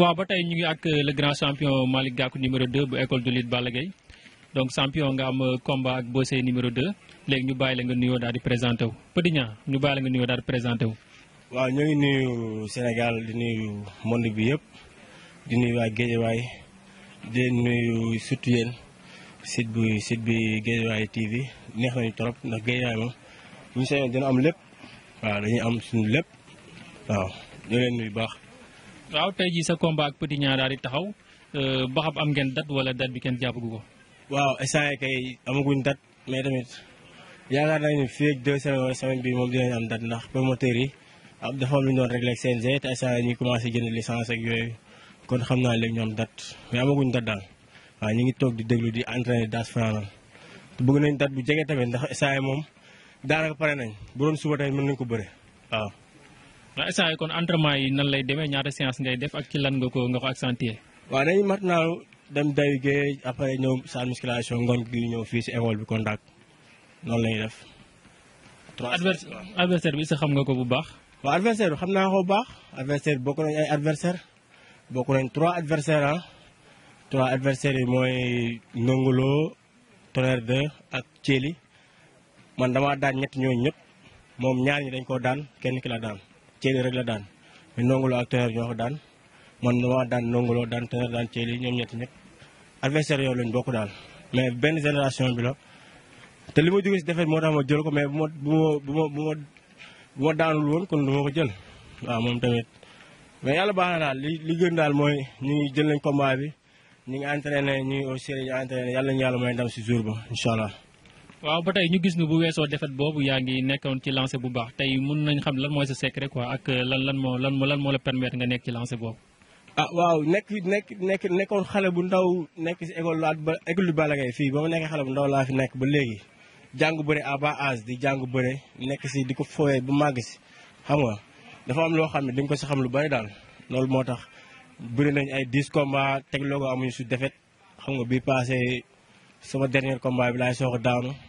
waaw ba tey ñu ngi ak euh, le grand champion Malick Gakou numéro 2 bu école de lutte Balla Gaye donc champion nga am euh, combat ak Bosse numéro 2 léegi ñu bàyyi la nga nuyoo daal di présenté wu Petit Niang ñu bàyyi la nga nuyoo daal di présenté wu. waaw ñoo ngi nuyu Sénégal di nuyu monde bi yëpp di nuyu waa Géejawaay di nuyu surtout sit bi site bi Géejawaay TV neex nañu trop ndax Géejawaay moom ñu seen dina am lépp waaw dañuy am suñu lépp waaw ñoo nuyu baax. waaw tay ji sa combat ak petit ñaaraari taxaw euh ba xam am ngeen date wala date bi ken japp gu ko. waaw essay e kay amaguñ date mais tamit yaakaar nañu ne fii ak deux semaines wala semaine bi mom dinañ am date ndax promoteur yi am dafa am lu ñu doon réglé ak CNG te instant commencé jënd licence ak yoy kon xamna lek ñom ñoom date mais amaguñ date dal wa ñi ngi tok di deglu di entraîner daas fanaan te bëgg nañ date bu jégué tamit ndax essay mom e moom ko paré nañ bu doon suba tay mën nañ ko bëré waaw ay kon entraînement yi nan lay démé ñaata séance ngay def ak ci lan nga ko nga ko accentuer waaw dañuy matinal dem day géej après ñëw e salle musculation ngon gi ñëw fi ci école bi kon dak non lay def adversaire bi sa xam nga ko bu baax wa adversaire xam na ko baax adversaire bokku nañ ay adversaire bokku nañ trois adversaire hein ah. trois adversaire moy mooy nongolo tonnerre 2 ak cieli man dama daan ñet ñoo ñëpp mom ñaar ñi dañ ko daan kenn ki la daan Thielly rek la daan mais Ndongo Lo ak Tonnerre ñoo ko daan man maa daan Ndongo Lo daan Tonnerre daan Thielly ñoom ñett ñëpp adversaire yow lañ bokk daal mais benn génération bi la te li ma jógee si defet moo tax ma jël ko mais bu ma bu ma bu ma bu ma daanul woon kon du ma ko jël waa moom tamit mais yàlla baax na daal li gën daal mooy ñu ngi jël nañ combat bi ñu ngi entraîné ñu ngi aussi ñu entraîné yàlla ñu yàlla may ndam si jour ba incha allah waaw ba tey ñu gis ne bu weesoo defet boobu yaa ngi nekkoon ci lancé bu baax tey mën nañ xam lan moo sa secret quoi ak lan lan moo lan lan moo la permettre nga nekk ci lancé boobu. ah waaw nekk nekk nekk nekkoon xale bu ndaw nekk si école laat ba école du Balla fii ba ma nekk xale bu ndaw laa fi nekk ba léegi jàng bëre à bas di jàng bëre nekk si di ko fooyee bu màgg si xam nga dafa am loo xam ne di ko si xam lu bari daal loolu moo tax bëri nañ ay 10 combats teg ko amuñu su defet xam nga bii passé sama dernier combat bi laay soog a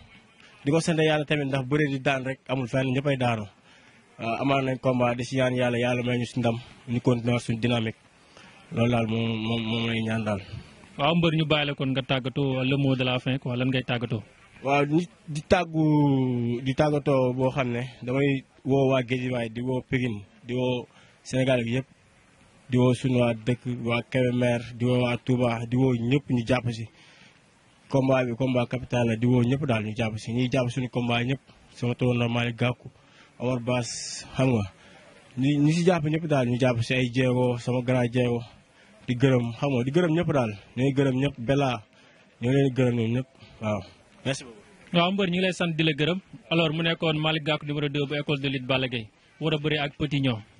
di ko sant yàlla tamit ndax bëre di daan rek amul fenn ñëppay daanu ah, amaan nañ combat di si ñaan yàlla yàlla may ñu si ndam ñu continuer suñu dynamique loolu daal moom moom moom ñaan daal. waa mbër ñu bàyyi la kon nga tàggatoo le mot de la fin lan ngay tàggatoo. waaw ñu di tàggu di tàggatoo boo xam ne damay woo waa Guédiawaye di woo Pikine di woo Sénégal gi di woo suñu waa dëkk waa Kébémer di woo waa Touba di woo ñëpp ñu jàpp si. combat bi combat capital la di wo ñep dal ñu japp ci ñi japp suñu combat ñep sama tour normal gaku Omar bas xam nga ñi ci japp ñep dal ñu japp si ay jéego sama grand jéego di gërëm xam nga di gërëm ñep dal ñooy gërëm ñep Bella ñoo leen gërëm ñoom ñep waaw merci beaucoup. waaw mbeur ñu lay sante di la gërëm alors mu nekkon malik gaku numéro 2 bu école de lutte balagay wara bëri ak Petit ñoo